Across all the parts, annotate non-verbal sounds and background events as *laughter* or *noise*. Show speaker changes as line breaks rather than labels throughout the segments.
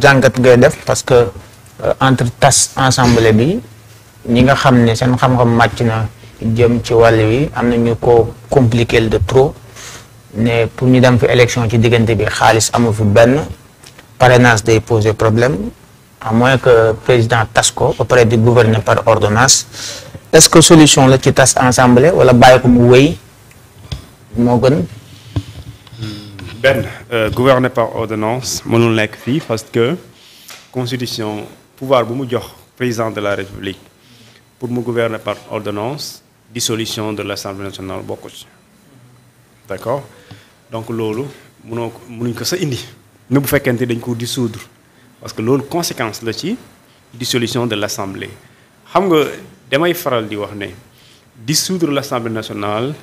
jàngat ngay def parce que euh, entre tas ensemble bi ñi nga xam ne seen xam-xam màcc na jëm ci wàll wi am na ñu ko compliqué de trop ne pour ñu dem fi élection ci diggante bi xaalis amu fi benn parrainage de poser problème à moins que président tas ko ba pare di gouverner par ordonnance est-ce que solution la ci tas ensemble wala bàyyi ko mu wéy moo gën.
benn euh, gouverner par ordonnance mënul nekk fii parce que constitution pouvoir bu mu jox président de la république pour mu gouverner par ordonnance dissolution de l'assemblée nationale bokku ci d'accord donc loolu mënoo ko mënuñ ko sa indi ne bu fekkente dañ ko dissoudre parce que loolu conséquence la ci dissolution de l'assemblée xam nga damay faral di wax ne dissoudre l'assemblée nationale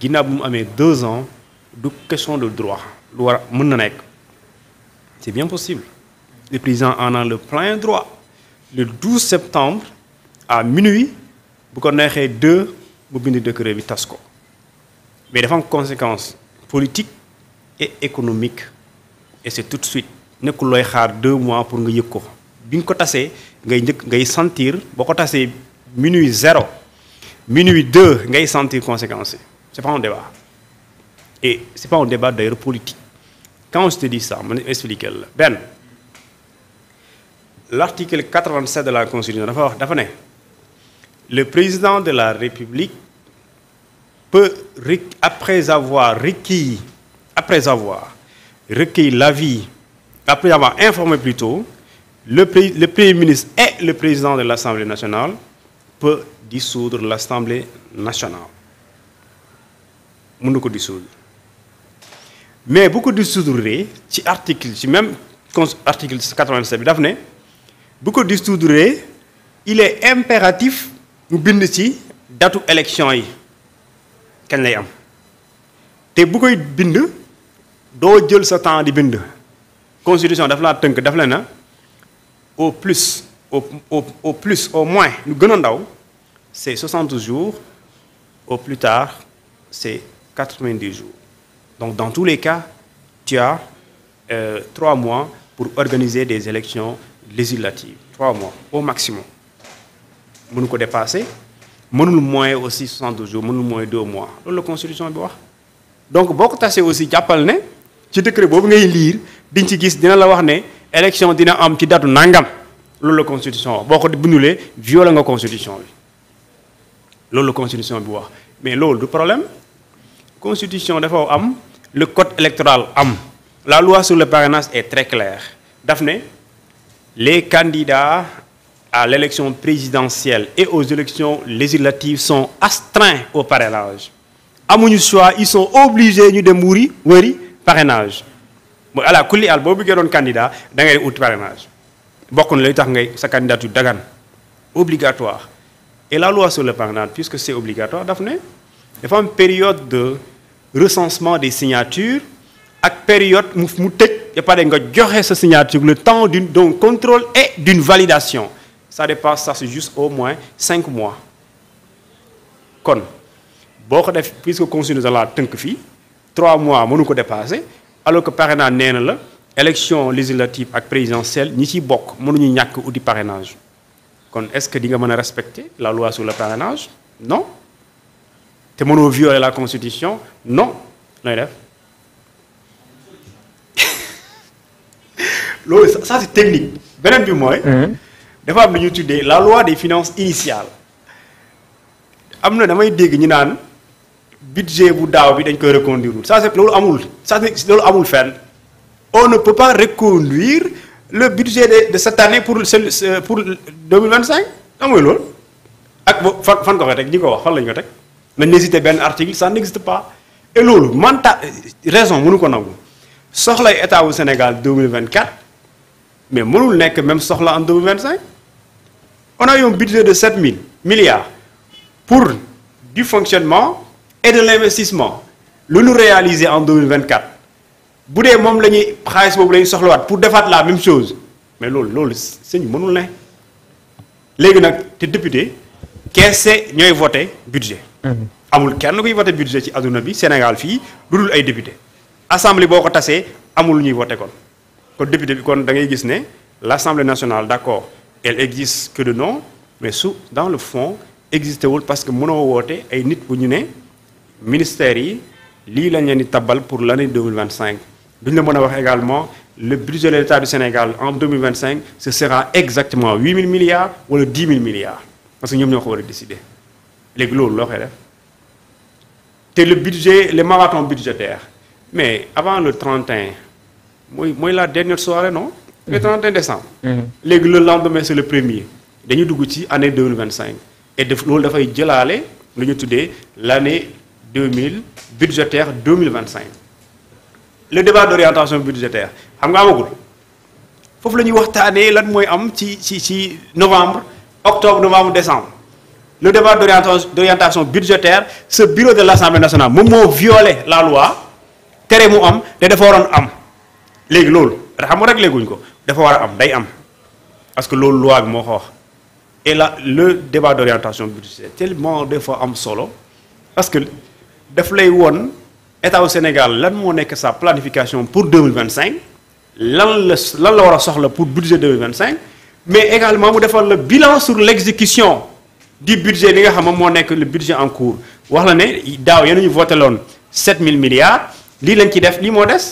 ginnaaw bi mu amee deux ans du question de droit lu war a mën na nekk c'est bien possible le président en a le plein droit le 12 septembre à minuit bu ko neexee deux mu bind décret bi tas ko mais dafa am conséquence politique et économique et c'est tout de suite nekkul looy xaar deux mois pour nga yëg ko bi nga ko tasee ngay njëkk ngay sentir boo ko tasee minuit zéro minuit deux ngay sentir conséquence yi c'est pas un débat Et ce n'est pas un débat d'ailleurs politique. Quand on se dit ça, je explique Ben, l'article 87 de la Constitution, le président de la République peut, après avoir requis, après avoir recueilli l'avis, après avoir informé plutôt, le, le ministre et le président de l'Assemblée nationale peut dissoudre l'Assemblée nationale. Nous dissoudre. mais bu ko dissoudre ci article ci même article 87 bi daf ne bu ko dissoudre il est impératif mu bind ci datu élection yi kenn lay am te bu koy bind doo jël sa temps di bind constitution daf laa tënk daf la na au plus au au plus au moins lu gën a ndaw c'est 60 jours au plus tard c'est 90 jours Donc, dans tous les cas, tu as euh, trois mois pour organiser des élections législatives. Trois mois, au maximum. mënu ko dépasser mënul moins aussi 72 jours mënul moins deux mois loolu la constitution bi wax. donc boo ko tasee aussi jàppal ne ci décret boobu ngay liir diñ ci gis dina la wax ne élection dina am ci datu nàngam loolu la constitution wax boo ko bindulee violé nga constitution bi loolu la constitution bi wax mais loolu du problème constitution dafa am. le code électoral am la loi sur le parrainage est très claire daf ne les candidats à l'élection présidentielle et aux élections législatives sont astreints au parrainage amuñu choix ils sont obligés ñu dem wuri wëri parenage mooy ala kulli al boo bëggee doon candidat da ngay ut parrainage bokk na lay tax ngay sa candidature dagan obligatoire et la loi sur le parrainage puisque c'est obligatoire daf ne dafa période recensement des signatures ak période mu mu tëj ba pare nga joxe sa signature le temps d'une d'un contrôle et d'une validation ça dépasse ça c'est juste au moins cinq mois kon boo ko def puisque constitution de la tënk fii trois mois mënu ko dépasser alors que parrainage nee na la élection législative ak présidentielle ñi ciy bokk mënuñu ñàkk uti parrainage kon est-ce que di nga mën a respecter la loi sur le parrainage non te mënoo violer la constitution no nooy def *laughs* loolu ça c'est technique beneen bi mooy mhm. dafa am lu ñu tuddee la loi des finances initiales am na damay dégg ñu naan budget bu daaw bi dañ koy reconduire ça c'est loolu amul ça c'est loolu amul fenn on ne peut pas reconduire le budget de de cette année pour euh, pour 2025 amooy loolu ak ba fan fan ko fa ñi ko wax fan lañu ko teg nañ la cité benn article ça n'existe pas et loolu manta raison mënu ko nangu soxlay état wu Sénégal 2024 mais mënul nekk même soxla en 2025 on a eu un budget de 7000 milliards pour du fonctionnement et de l'investissement lu ñu réaliser en 2024 bu dee moom la ñuy xaalis boobu la soxlawaat pour defaat la même chose mais loolu loolu sëñ mënul ne léegi nag te député keese ñooy voté budget Mm-hmm. amul kenn kuy voté budget ci àdduna bi Sénégal fii lu dul ay député assemblée boo ko tasee amul ñuy voté kon kon député bi kon dangay gis ne l' assemblée nationale d' accord elle existe que de nom mais su dans le fond existé wul parce que mënoo woote ay nit bu ñu ne ministères yi lii lañ leen di tabal pour l' année 2025 duñ la mën a wax également le budget de l' état du Sénégal en cinq ce sera exactement 8000 milliards wala 10 000 milliards que ñoom ñoo ko war léegi loolu loo koy def te le budget les marathons budgétaires mais avant le 31 mooy mooy la dernière soirée non. le 31 mhm. décembre. Mhm. léegi le lendemain c'est le premier dañu dugg ci année 2025 et def loolu dafay jëlaale lu ñu tuddee l'année mille vingt cinq le débat d'orientation budgétaire xam nga amagul foofu la ñuy waxtaanee lan mooy am ci ci ci novembre octobre novembre décembre. le débat d'orientation budgétaire ce bureau de l'Assemblée nationale moom moo violé la loi tere mu am te dafa waroon am léegi loolu xam nga rek léeguñ ko dafa war a am day am parce que loolu loi bi moo ko wax et la le débat d'orientation budgétaire tellement dafa am solo parce que daf lay woon état Sénégal lan moo nekk sa planification pour 2025 lan la lan la war a soxla pour budget 2025 mais également mu defal la bilan sur l'exécution du budget li nga xam moom moo nekk le budget en cours wax la ne daaw yéen ñu voté loon 7000 milliards lii lañ ci def lii moo des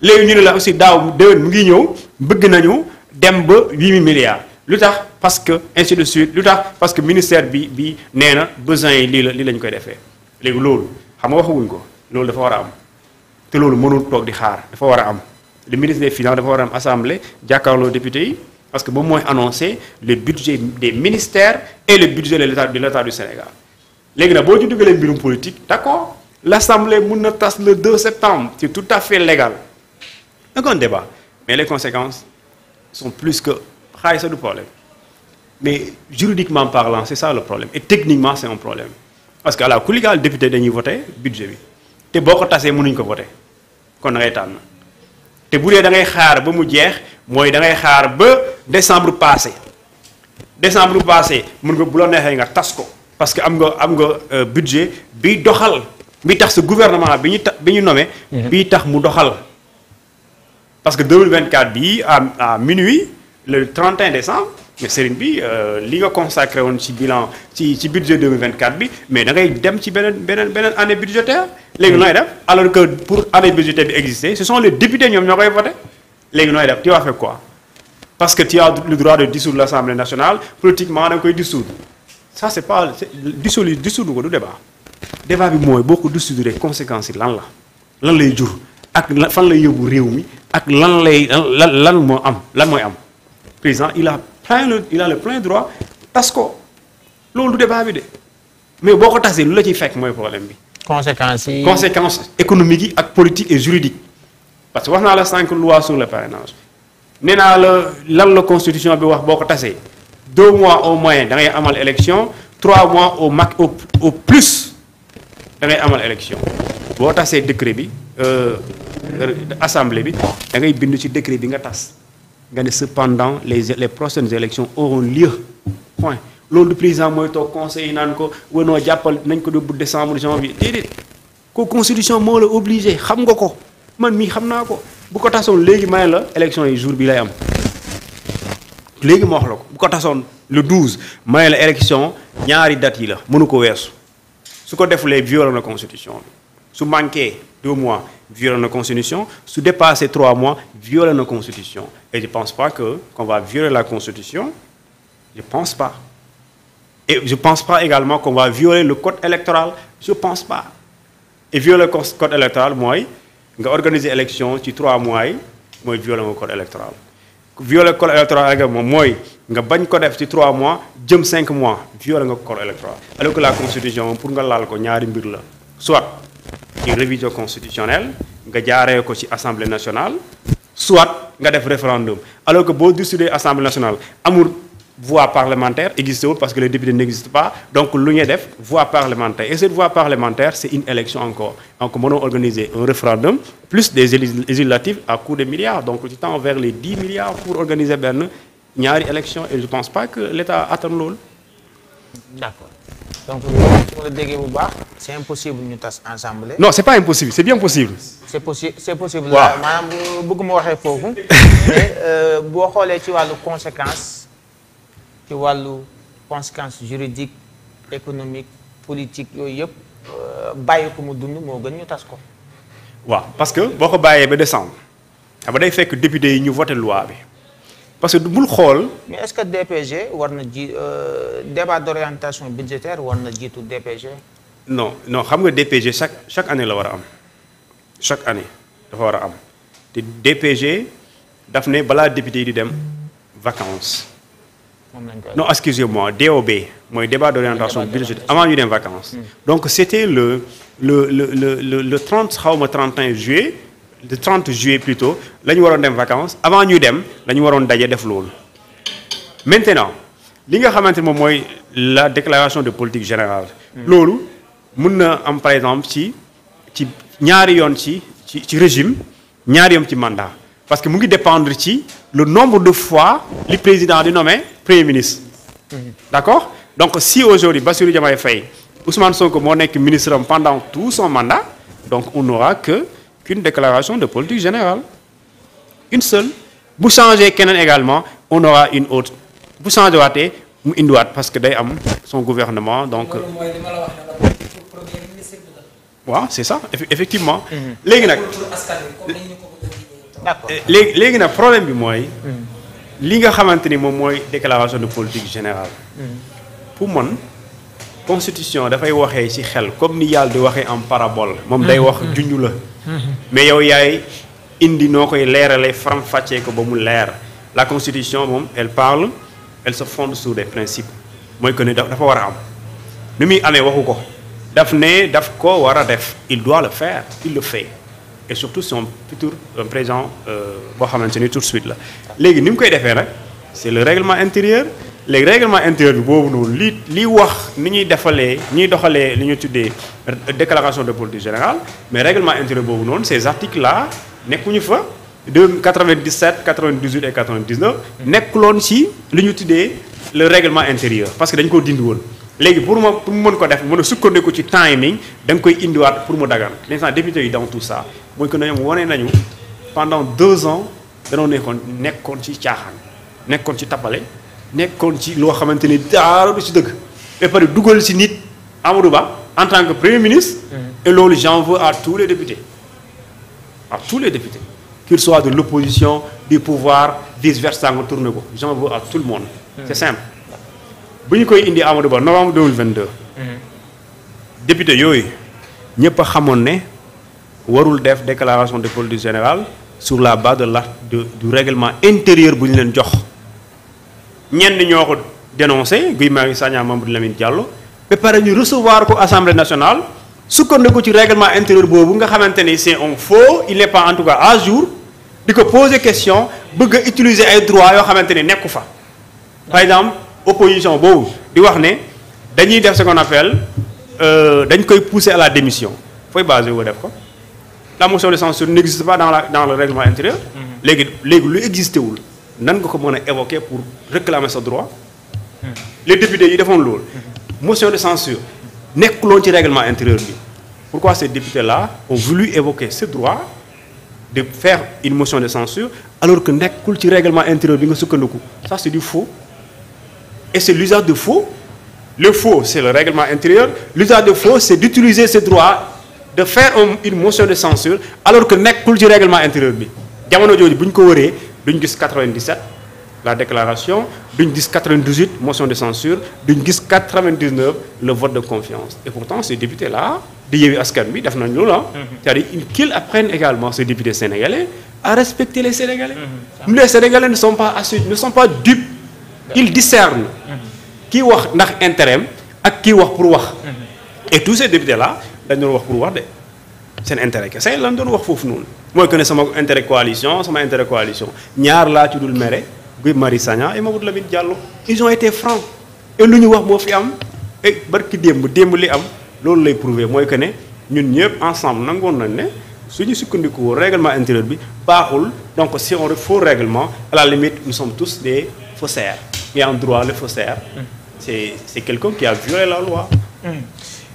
léegi ñu ne la aussi daaw déwén mu ngi ñëw bëgg nañu dem ba 8000 milliards lu tax parce que ainsi suite lu tax parce que ministère bi bi nee na besoin yi lii la lii lañ koy defee léegi loolu xam nga waxaguñ ko loolu dafa war a am te loolu mënul toog di xaar dafa war a am le ministre des finances dafa war a am assemblée député yi. parce que moom mooy annoncé le budget des ministères et le budget de l'état de l'état du Sénégal léegi nag boo ci dugalee mbirum politique d'accord l'assemblée mun na tas le 2 septembre c'est tout à fait légal aucun débat mais les conséquences sont plus que xaalis du problème mais juridiquement parlant c'est ça le problème et techniquement c'est un problème parce que ala kulli gaal député dañuy voté budget bi te boo ko tasee mënuñ ko voté kon da ngay tànn te bu dee da ngay xaar ba mu jeex mooy da ngay xaar ba décembre passé décembre passé mën nga bu la neexee nga tas ko parce que am nga am nga euh, budget bi doxal bi tax sa gouvernement bi ñu ta bi ñu nommé mhm. bi tax mu doxal parce que 2024 bii à à minuit le 31 décembre mais bi euh, li nga consacré woon ci bilan ci ci budget 2024 bi mais da dem ci beneen beneen beneen année budgétaire léegi nooy def alors que pour année budgétaire bi exister ce sont les députés ñoom ñoo koy voté léegi nooy def tu vas faire quoi parce que tu as le droit de dissoudre l'Assemblée nationale politiquement da nga koy dissoudre ça c'est pas dissoudre dissoudre ko du débat débat bi mooy boo ko dissoudre conséquences yi lan la lan lay jur ak fan lay yóbbu réew mi ak lan lay lan lan moo am lan mooy am président il a plein le il a le plein droit tas ko loolu de débat bi de mais boo ko tasee lu la ciy fekk mooy problème bi.
conséquence yi conséquences
yi ak politique e juridique. parce que wax naa la cinq loi sur le parrainage nee naa la lan la constitution bi wax boo ko tasee deux mois au moins da ngay amal élection trois mois au max au au plus da amal élection boo tasee décret bi euh, assemblée bi da ngay bind ci décret bi nga tas nga ne cependant les les prochaines élections auront lieu point loolu du président mooy toog conseil yi naan ko wanoo jàppal nañ ko yóbbu décembre janvier déedéet ko constitution moo la obligé xam nga ko man mii xam naa ko bu ko tasoon léegi may la élection yi jour bi lay am léegi ma wax la ko bu ko tasoon le 12 may la élection ñaari dat yi la mënu ko weesu su ko defulee violé na constitution bi su manqué deux mois violé na constitution su dépassé trois mois violé na constitution et je pense pas que qu'on va violer la constitution je pense pas et je pense pas également ko va violer le code électoral je pense pas et violer le code électoral mooy nga organiser élection ci trois mois yi mooy violer nga code électoral violer code électoral ak moom mooy nga bañ ko def ci trois mois jëm cinq mois violer nga code électoral alors que la constitution pour nga laal ko ñaari mbir la soit une révision constitutionnelle nga jaaree ko ci assemblée national soit nga def référendum alors que boo décidé assemblée national amul voie parlementaire existe wul parce que les députés n'existent pas donc lu ñuy def voie parlementaire et cette voie parlementaire c'est une élection encore donc mënoo organiser un référendum plus des législatives à coût de milliards donc tu tends vers les 10 milliards pour organiser benn ñaari élection et je pense pas que l'État atteint loolu
d'accord donc su ma la bu ñu tas ensemble. non c'est pas
impossible c'est bien possible.
c'est possi c'est possible. waaw maanaam bëgguma waxee foofu *laughs* mais euh, boo xoolee ci wàllu conséquence. ci wàllu conséquence juridique économique politique yooyu yëpp euh, bàyyi ko mu dund moo gën ñu tas
ko. waaw parce que boo ko bàyyee ba décembre xam nga day fekk député yi ñu voté loi parce que bul xool.
mais est-ce que DPG war na ji euh, débat d'orientation budgétaire war na jiitu DPG.
non non xam nga DPG chaque chaque année la war a am chaque année dafa war a am te DPG daf ne balaa député yi di dem vacance non excusez-moi DOB mooy débat d'orientation budgétaire avant ñu dem vacances hmm. donc c'était le le le le le 30 xaw ma 31 juillet le 30 juillet plutôt la ñu waroon dem vacance avant ñuy dem lañu waroon dajee def loolu maintenant li nga xamante moom mooy la déclaration de politique générale hmm. loolu mun na am par exemple ci ci ñaari yoon ci ci ci régime ñaari yoon ci mandat parce que mu ngi dépendre ci le nombre de fois li président di nommé premier ministre. d' accord donc si aujourd'hui Bassirou Diomaye Faye Ousmane Sonko moo nekk ministre am pendant tout son mandat donc on n'aura que qu'une déclaration de politique générale une seule bu changé keneen également on aura une autre bu changé waatee mu indiwaat parce que day am son gouvernement donc. waaw c'est ça effectivement. léegi nag. d'accord eh, léegi léegi nag problème bi mooy. li nga xamante ni moom mooy déclaration de politique générale. Mm. pour man constitution dafay waxee ci xel comme ni yàlla di waxee en parabole. moom day wax mm. junj la. Mm. mais yow yaay indi noo koy leeralee faram fàccee ko ba mu leer la constitution moom elle parle elle se fonde sur des principes mooy que ne dafa war a am nu muy amee waxu ko daf ne daf ko war a def il doit le faire il le fait. et surtout son futur présent euh, boo xamante ni tout de suite la. léegi ni mu koy defee nag c' est le règlement intérieur léegi règlement intérieur bi boobu noonu li li wax ni ñuy defalee ñuy doxalee li ñu tuddee déclaration de politique générale mais règlement intérieur boobu noonu ces articles là nekkuñu fa. de 97 98 et 99 nekkuloon ci lu ñu tuddee le règlement intérieur parce que dañ ko dindi woon léegi pour ma pour mu mën ko def mën a sukkandiku ci timing da nga koy indiwaat pour mu dagan l'instant député yi dans tout ça mooy que ne ñoom wane nañu pendant deux ans danoo nekkoon nekkoon ci caaxaan nekkoon ci tappale nekkoon ci loo xamante ni dara du ci dëgg ba pare dugal ci nit Amadou Ba en tant que premier ministre. Mm. et loolu j'en veux à tous les députés à tous les députés. qu'ils soient de l'opposition du pouvoir vice versa nga tourné ko j'en veux à tout le monde. Mm. c'est simple bu ñu koy indi Amadou Ba novembre de mm. député yooyu ñëpp a xamoon ne. warul def déclaration de politique générale sur la base de l'article du règlement intérieur bu ñu leen jox ñenn ñoo ko dénoncé Guy Marius Sagna Mamadou Lamine Diallo ba pare ñu recevoir ko assemblée nationale sukkandiku ci réglement intérieur boobu nga xamante ni c'est un faux il n'est pas en tout cas à jour di ko poser question bëgg utiliser ay droits yoo xamante ni nekku fa par exemple opposition boobu di wax ne dañuy def ce qu'on appelle euh, dañ koy pousser à la démission fooy basé wu ko la motion de censure n'existe pas dans la dans le règlement intérieur. Mm-hmm. léegi léegi lu existé wul nan nga ko mën a évoquer pour réclamer sa droit. Mm-hmm. les députés yi defoon lool mm-hmm. motion de censure nekkuloon ci règlement intérieur bi. pourquoi ces députés là ont voulu évoquer ce droit de faire une motion de censure alors que nekkul ci règlement intérieur bi nga sukkandiku ça c'est du faux et c'est l'usage de faux le faux c'est le règlement intérieur l'usage de faux c'est d'utiliser de faire une motion de censure alors que nekkul ci règlement intérieur bi jamono jooju bu ñu ko wëree duñ gis 97 la déclaration duñ gis 98 motion de censure duñ gis 99 le vote de confiance et pourtant ces députés là di Yewwi Askan Wi def nañ loolu ah. Mhm. c'est-à-dire qu'ils apprennent également ces députés sénégalais à respecter les sénégalais. Mmh. les sénégalais ne sont pas assis ne sont pas dupes. ils discernent. Mhm. kii wax ndax intérêt am ak kii wax pour wax.
Mhm.
et tous ces députés là. lañ doon wax pour wax de seen intérêt kese lañ doon wax foofu noonu mooy que sama intérêt coalition sama intérêt coalition ñaar laa ci dul mere Guy Marius Sagna et Mamadou Lamine Diallo ils ont été francs et lu ñu wax moo fi am et barki démb démb li am loolu lay prouver mooy que ne ñun ñëpp ensemble nangoon nañ ne suñu sukkandiku woon règlement intérieur bi baaxul donc si on faux règlement à la limite nous tous des faussaires et en droit le faussaire mm.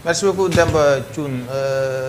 merci beaucoup Demba Thioune euh,